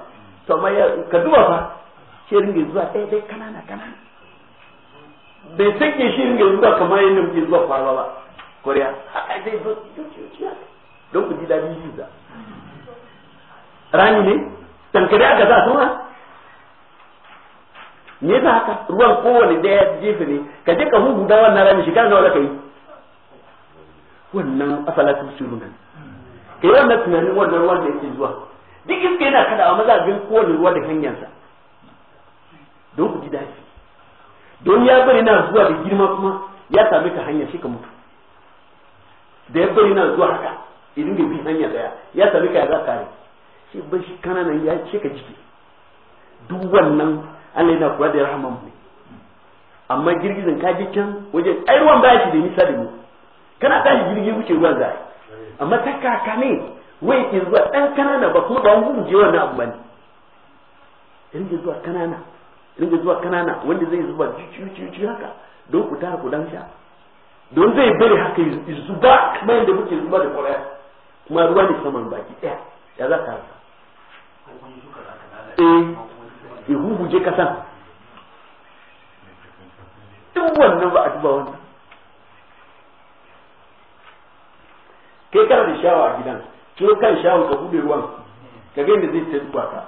to amma ka duba fa shi ringe zuwa dai ɗaya kanana kanana bai sake shi ringe zuwa kamar yadda muke zuwa fara ba koriya haka dai zo don ku ji daɗin shi za rani ne tankare aka a sama me yasa haka ruwan kowane daya jefe ne ka je ka hugu da wannan rami shekara nawa ka yi wannan afala tusiruna kai wannan tunanin wannan ruwan da yake zuwa duk iska yana kada amma za a bin kowane ruwa da hanyarsa don ku ji dafi don ya bari na zuwa da girma kuma ya sami ka hanya shi ka mutu da ya bari na zuwa haka idan da bi hanya daya ya sami ka ya za kare shi ban shi kananan ya ce ka jiki duk wannan Allah yana kuwa da rahama mu amma girgizan ka can waje ai ruwan ba shi da nisa da mu kana tashi jirgi wuce ruwan za amma ta kaka ne wai ke zuwa dan kanana ba kuma ba wani gudu je wannan abu bane ringa zuwa kanana ringa zuwa kanana wanda zai zuba cuci haka don ku tara ku dan sha don zai bari haka zuba kamar yadda muke zuba da kwaraya kuma ruwa ne saman baki ɗaya ya za ka rasa ya hubuje kasan duk wannan ba a duba wannan kai kana da shawa a gidan kiro kan shawa ka bude ruwan ka ga yadda zai ta duba ka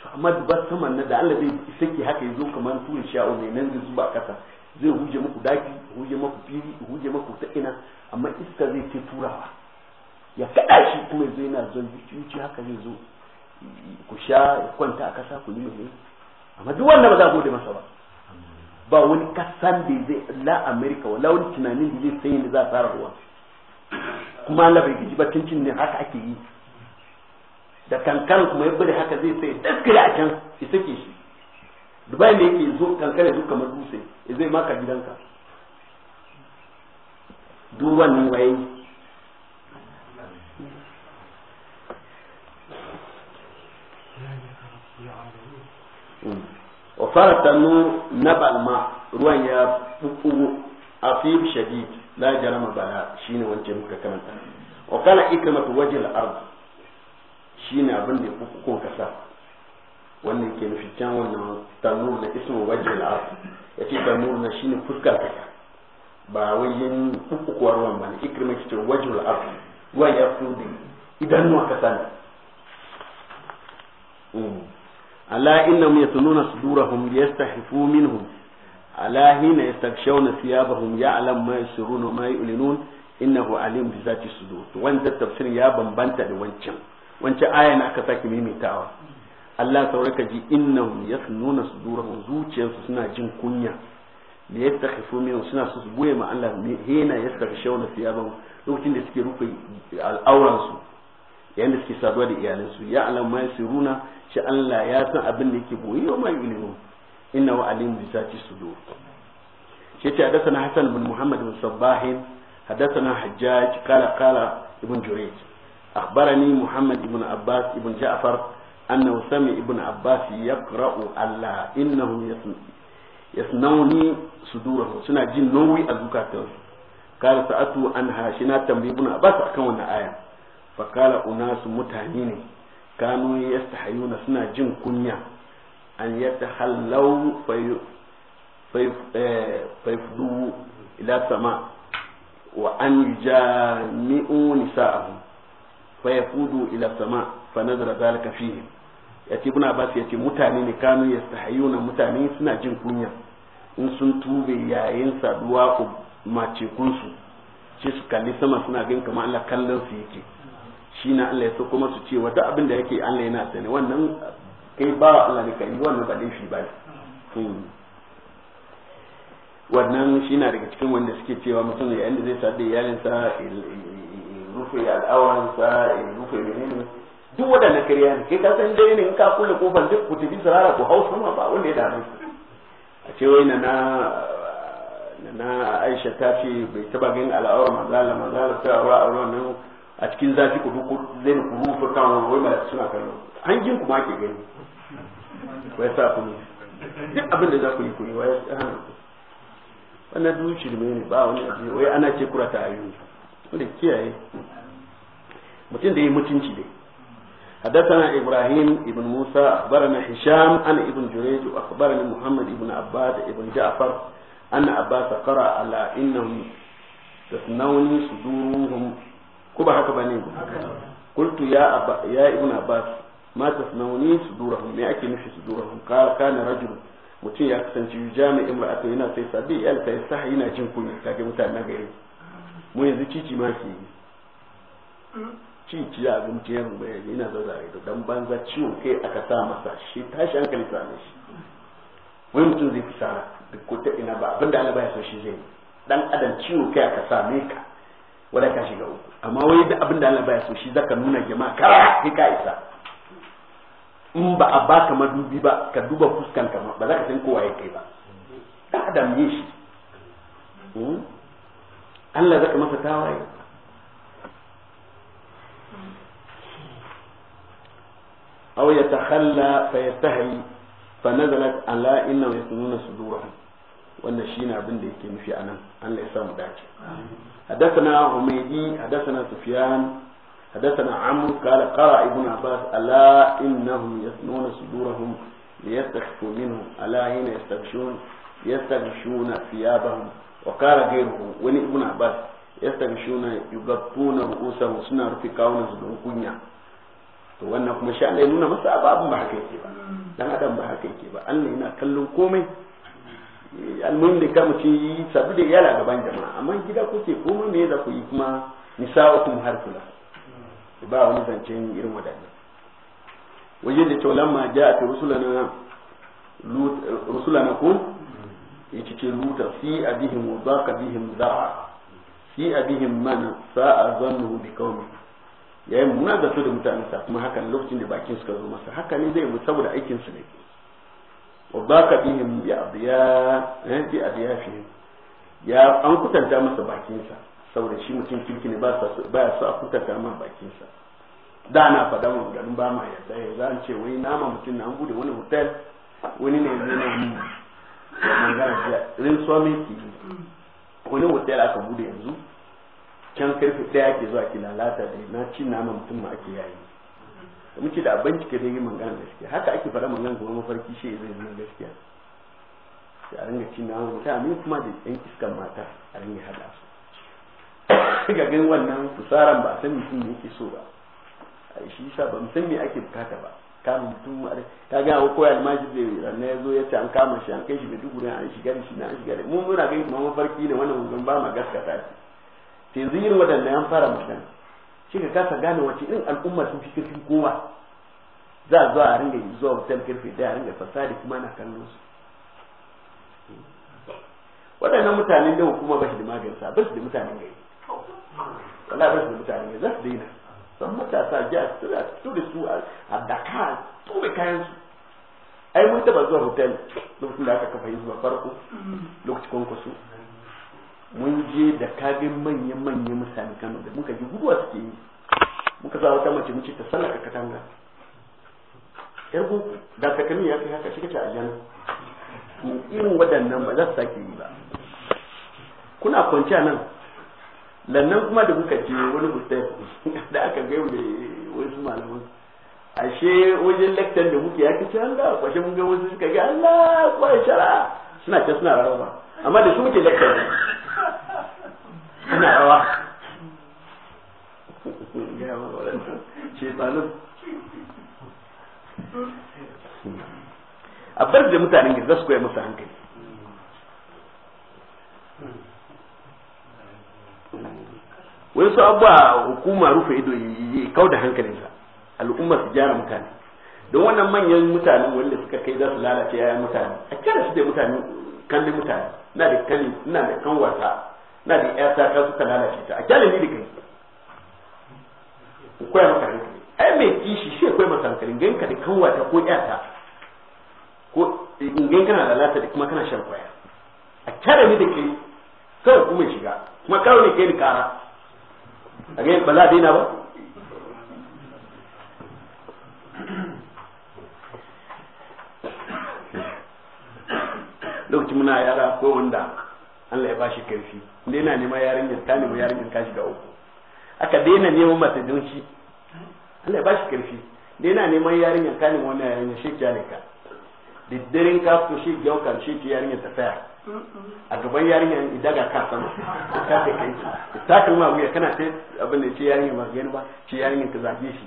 to amma duba saman na da Allah zai sake haka yazo kamar turin shawa mai nan zai zuba kasa zai huje muku daki huje muku fili huje muku ta ina amma iska zai ta turawa ya kada shi kuma zai na zo zuci haka zai zo ku sha kwanta a kasa ku yi mai amma duk wannan ba za gode masa ba ba wani kasan da zai la amerika wala wani tunanin da zai sayin da za a fara ruwa kuma na bai gaji ba tuncin ne haka ake yi da kankan kuma yabba da haka zai sai daskare a can ya sake shi dubai ne yake zo kankan ya zo kamar dutse ya zai maka gidanka duk wannan waye faratanu na balma ruwan ya fuku afib shadid la jarama bala shine wancan muka karanta wa kana ikramatu wajhil ard shine abin da hukukun kasa wannan ke nufi can wannan tanur na ismu wajhil ard yace tanur na shi shine fuskar kasa ba wai yin hukukuwar ruwan ba ne ikramatu ce wajhil ard ruwan ya fuku idan nuwa kasa ne hmm. ala innahum yatununa sudurahum yastahfu minhum ala hina yastakshawna thiyabahum ya'lam ma yusirruna ma yu'linun innahu alim bi zati sudur to wannan tafsirin ya bambanta da wancan wancan na aka sake mimitawa Allah sauraka ji innahum yasnuna sudurahum zuciyarsu suna jin kunya da ya ta min suna su goye ma Allah hena ya ta kashe siyaban lokacin da suke rufe al'auran su yayin da suke saduwa da iyalansu ya alam ma yasiruna shi Allah ya san abin da yake boye wa mai ilimin inna wa alim bi zati sudur shi da sana hasan bin muhammad bin sabbahin hadathana hajjaj Kala qala ibn jurayj akhbarani muhammad ibn abbas ibn ja'far anna sami ibn abbas yaqra'u alla innahu yasmi yasnauni sudurahum suna jin nauyi a zukatansu kala sa'atu an hashi na tambayi ibn abbas akan wannan aya fa kala unasu mutane ne kanu yastahayuna suna jin kunya an fai fudu eh, ila sama wa an yujami'u nisa'ahum fayafudu ila sama fa nazara zalika fihim yace ibn abbas yace mutane ne kanu yastahayuna mutane suna jin kunya in sun tube yayin saduwa ku mace kunsu ce su kalli sama suna gan kamar Allah kallon su yake shi na Allah ya so kuma su ce wata abin da yake Allah yana sani wannan kai ba Allah ne kai wannan ba laifi ba hmm. wannan shi na daga cikin wanda suke cewa mutum ya yanda zai sadu iyalinsa rufe al'awansa rufe menene duk waɗannan kariya ne kai ka san dai ne in ka kula kofar duk ku tafi sarara ku hau sama ba wanda ya dame a ce wai na na Aisha ta ce bai taba gani al'awar mazala mazala sai aure aure nan a cikin zafi ku duk zai ku rufe kan wani mai suna kallo hangin ku ma ke gani wai sa ku ne duk abin da za ku yi ku yi wai hana ku wannan duk shirme ne ba wani abu wai ana ce kura ta ayyuni wanda kiyaye mutum da yi mutunci dai حدثنا إبراهيم ابن موسى أخبرنا هشام عن ابن جريج وأخبرني محمد ابن عباد ابن جعفر أن عباس قرأ على إنهم تثنون صدورهم ko ba haka bane qultu ya abba ya ibn abbas ma tasmauni sudurahum me ake nufi sudurahum ka kana rajul mutum ya kasance yujami imra'atu yana sai sabi al sai sahi yana jin kunya kage mutanen gari mu yanzu cici ma ke cici ya ga mutum ya rubuta yana zazzare da dan banza ciwo kai aka sa masa shi tashi hankali sa ne shi wani mutum zai fita da kota ina ba abinda Allah baya so shi zai dan adam ciwo kai aka same ka wala ka shiga uku amma wai da abin da Allah baya so shi zaka nuna jama'a kara kai ka isa in ba a baka madubi ba ka duba fuskan ka ba za ka san kowa ya kai ba da adam ne shi hmm? Allah zaka masa tawaye fa yatahi fa nazalat ala inna yasununa sudurahum wannan shi ne abin da yake nufi a nan Allah ya samu dace حدثنا حميدي حدثنا سفيان حدثنا عمرو قال قرأ ابن عباس ألا إنهم يثنون صدورهم ليستخفوا منهم ألا حين يستغشون يستغشون ثيابهم وقال غيره ولي ابن عباس يستغشون يغطون رؤوسهم سنة رفي كاونا صدور كنيا to wannan kuma sha Allah ya nuna masa abu abin ba haka yake ba dan adam ba haka yake ba Allah yana kallon komai almun da kama ce yi sabu da yala gaban jama'a amma gida kuke komai me za ku yi kuma nisa'ukum har kula ba wani zancen irin wadannan waje da taulan ma ja'at rusulana lut rusulana ku ci ce luta fi abihim wa zaqa bihim a fi abihim mana sa'a zannu bi qaumi yayin muna zato da mutanen sa kuma hakan lokacin da bakin suka zo masa haka ne zai mu saboda aikinsu ne وباك بهم بأضيافهم ya an kutanta masa bakinsa saboda shi mutum kirki ne ba ya sa a kutanta masa bakinsa da na faɗa mu garin ba ma yadda ya za ce wai nama mutum na an bude wani hotel wani ne ne na yi magana jiya rin so mai ki wani hotel aka bude yanzu can karfe daya ake zuwa ki lalata da na ci nama mutum ma ake yayi muke da bincike da yi magana gaskiya haka ake faɗa magana kuma mafarki shi zai zama gaskiya sai a ringa cin namun mutane kuma da yan iskan mata a ringa haɗa su ga ganin wannan fusaran ba a san mutum ne yake so ba a shi sa ba mu san me ake bukata ba kama mutum ta ga wa koyar maji da ranar ya zo ya ce an kama shi an kai shi da duk maiduguri an shiga da shi na an shiga da mu muna gani kuma mafarki ne wannan ba ma gaskata ce sai yanzu irin waɗannan an fara magana shi ka kasa gane wace irin al'umma sun fi kirfi kowa za a zuwa a ringa zuwa wutar kirfi da a ringa fasadi kuma na kallon su waɗannan mutanen da hukuma ba shi da maganin sa ba su da mutanen gari wala ba su da mutanen gari za su daina san matasa ji a tura su da su a dakar tura kayan su ai mun taba zuwa hotel lokacin da aka kafa yin zuwa farko lokacin kwankwaso mun je da kagin manya manya mutane Kano da muka ji guduwa suke yi muka sa wata mace muke ta sallaka katanga yar ku da takalmi ya kai haka shi kace aljanna irin waɗannan ba za su sake yi ba kuna kwanciya nan lannan kuma da kuka je wani hostel da aka gaiwa da wasu malaman ashe wajen laktan da muke ya kace ga, kwashe mun ga wasu suka ga Allah kwashara suna ce suna rarraba amma da su muke lakar ina rawa a bar da mutanen gida za su koya musu hankali wani su abuwa hukuma rufe ido yi kau da hankalinsa al'umma su gyara mutane don wannan manyan mutane wanda suka kai za su lalace yayan mutane a kyara su da mutane kallon mutane na da kani na da kan wata na da ƴata ka suka lalace ta a kyale ni da kai ku koya maka hankali ai me kishi shi akwai maka hankali ganka da kan wata ko ƴata ko in eh, ganka na lalata da kuma kana shan kwaya a kyale ni da kai kawai kuma shiga kuma kawo ne kai ni kara a ga ba za a daina ba lokacin muna yara ko wanda Allah ya bashi karfi inda yana neman yarinyar ta neman yarinyar kashi da uku aka daina neman mata don Allah ya bashi karfi inda yana neman yarinyar ka neman wannan yarinyar shi kyale ka da daren ka fito shi gyaukan shi ki yarinyar ta tsaya a gaban yarinyar idaga ka sama ka ta kai ta kan ma wuya kana ta abin da ce yarinyar ba gani ba ce yarinyar ka zabe shi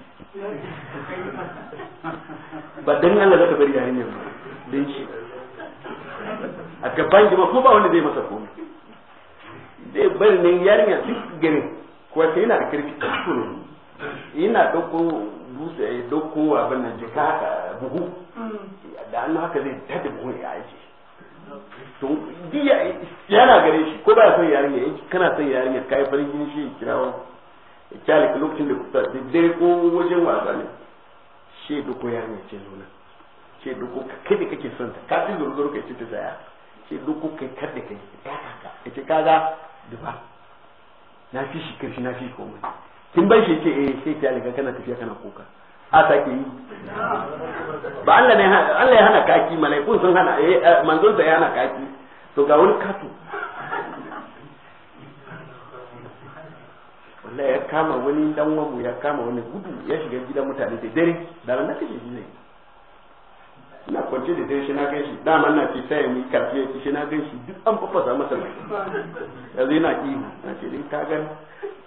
ba dan Allah zaka bari yarinyar ba dan shi a gaban jima ko ba wanda zai masa komai zai bar ne yarinya duk gari ko sai yana da kirki kuskure yana dauko dusa ya dauko abin nan jika ka buhu da an haka zai tada buhu ya yi to diya yana gare shi ko ya san yarinya kana san yarinya kai farin jini shi kirawo kyalik lokacin da kusa da ko wajen wasa ne shi duk yarinya ce zo ce duku kai da kake son ta kafin da gurguru kai ta saya ce duku kai kar da kai ta kaka ya ce kaza duba na fi shi karfi na fi komai kin bai shi ce eh sai ta liga kana tafiya kana kuka a ke yi ba Allah ne Allah ya hana kaki malaikun sun hana eh, eh, manzon sa ya hana kaki to ga wani kato wallahi ya kama wani dan ya kama wani gudu ya shiga gidan mutane da dare da ran da kake ne na kwance da dai shi na gan shi dama na ce sai mu karfi yake shi na gan shi duk an fafasa masa yanzu yana ihu na ce dai ka gan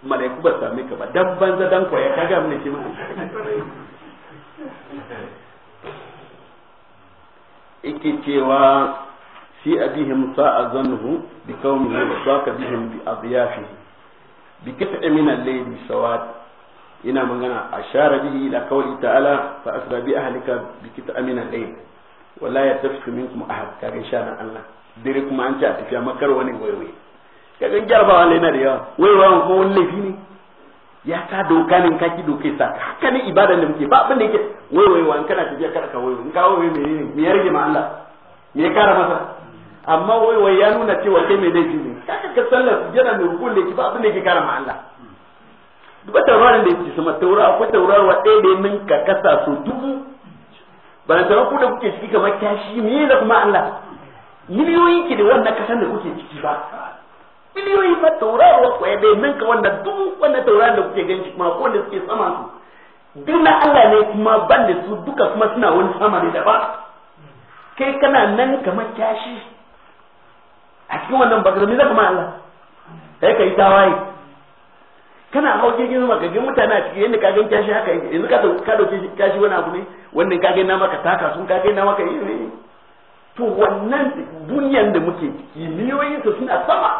malaiku ba same ka ba dan banza dan kwaya ka ga mun shi ma yake cewa fi abihim sa'a zannuhu bi qaumihi wa saqa bihim bi adyafihi bi kit'i min al-layli sawat ina magana ashara bihi ila qawli ta'ala fa asra bi ahlika bi kit'i min al-layli wala ya tafi kuma ahad ga insha Allah dare kuma an ci a tafiya makar wani waiwai ga jarabawa ne na da yawa waiwayan kuma wani laifi ne ya ka doka ne ka ki doke sa haka ne ibada da muke ba abin da yake waiwai wa kana tafiya kada ka waiwai in ka waiwai me ne me ya rage ma Allah me ya kara masa amma waiwai ya nuna cewa kai mai laifi ne kaka ka sallar sujjada mai rukun laifi ba abin da yake kara ma Allah duba tauraron da yake sama taurawa ko taurawa ɗaya da ka kasa so dubu ba ta ku da kuke ciki kamar tashi me na kuma Allah miliyoyi ke da wannan kasan da kuke ciki ba miliyoyi fa tauraro ko ya bai ninka wannan duk wannan tauraron da kuke ganci kuma ko da suke sama su duk na Allah ne kuma ban da su duka kuma suna wani sama ne da ba kai kana nan kamar tashi a cikin wannan bakar me da kuma Allah kai kai tawaye kana hau jirgin sama ka ga mutane a cikin yadda kagen kyashi kashi haka yanzu ka dauke kyashi wani abu ne wannan kagen na maka taka sun kagen na maka yi to wannan duniyan da muke ciki miliyoyin su suna sama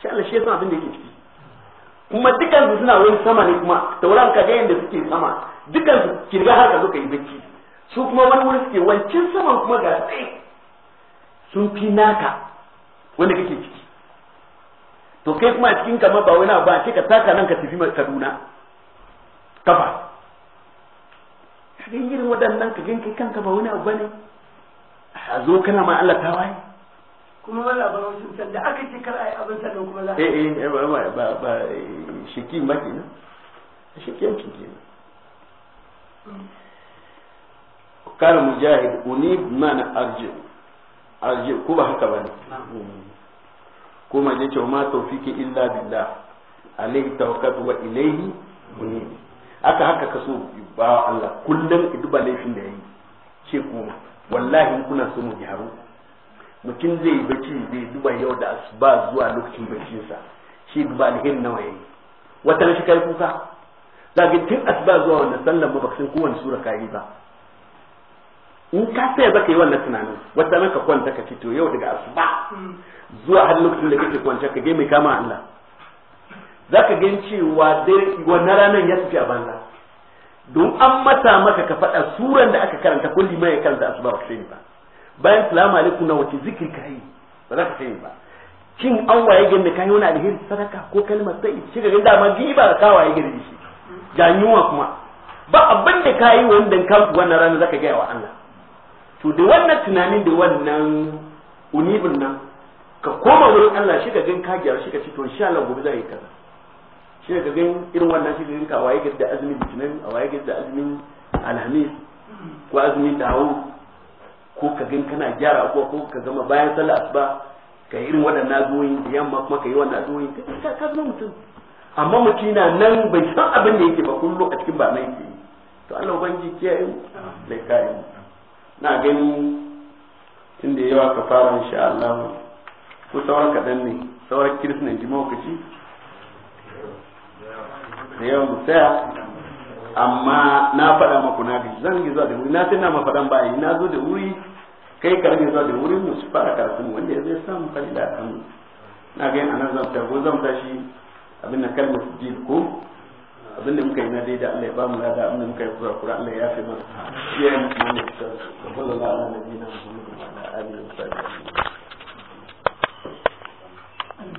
shi Allah shi yasa abin da yake ciki kuma dukan su suna wani sama ne kuma tauran ka ga yadda suke sama dukan su kirga har ka zo ka yi bacci su kuma wani wuri suke wancan saman kuma ga sai sun fi naka wanda kake ciki to kai kuma cikin kama ba wani ba ce ka taka nan ka tafi kaduna kafa cikin irin waɗannan ka kai kanka ba wani abu bane a zo kana ma Allah ta waye kuma wani abin wasu sanda aka ce kar ai abin sannan kuma za a eh, eh eh ba ba ba shiki ba ne eh, shikin ki kenan قال مجاهد أنيب ko ba haka ba ne. ko maje cewa ma tawfiki illa billah alaihi tawakkatu wa ilaihi munib aka haka kaso ba Allah kullum iduba laifin da yayi ce kuma wallahi kuna so mu gyaru mutum zai yi bacci zai duba yau da asuba zuwa lokacin baccinsa shi duba alhin nawa yayi wata shi kai kuka zaka tun asuba zuwa wannan sallar ba san kowanne sura kai ba in ka sai zaka yi wannan tunanin wata ka kwanta ka fito yau daga asuba zuwa har lokacin da kake kwance ka ga mai kama Allah za ka gan cewa wannan ranar ya tafi a banza don an mata maka ka faɗa suran da aka karanta ko liman ya karanta a ba ka ba bayan salamu alaikum na wace zikir ka yi ba za ka sani ba kin an waye gan da kayi wani alheri sadaka ko kalmar sai shi ga dama giba ka waye gari shi janyuwa kuma ba abin da kayi wanda ka wannan ranar zaka ga wa Allah to da wannan tunanin da wannan unibin nan ka koma wurin Allah shi ka gan ka gyara shi ka ci to insha Allah gobe zai yi kaza shi ka gan irin wannan shi ka gan ka waye gidi da azumin litinin a waye gidi da azumin alhamis ko azumin dawo ko ka gan kana gyara ko ko ka gama bayan sallah asuba ka yi irin waɗannan azumin da yamma kuma ka yi wannan azumin ka zama mutum amma mutum na nan bai san abin da yake ba kullum a cikin ba nan yake to Allah ubangi kiyaye mu na gani tunda yawa ka fara insha Allah ko sauran kaɗan ne sauran kiris ne jima kaci da yawan musaya amma na faɗa maku na gaji zan yi zuwa da wuri na na ma faɗan bayi na zo da wuri kai ka rage zuwa da wuri mu su fara karatun wanda ya zai samu kalila a kanmu na ga yin anan zan fita ko zan fita shi abin da kalmar su ko abin da muka yi na daidai Allah ya ba mu lada abin da muka yi kura kura Allah ya fi mana iyayen mu ne da sallallahu alaihi wa sallam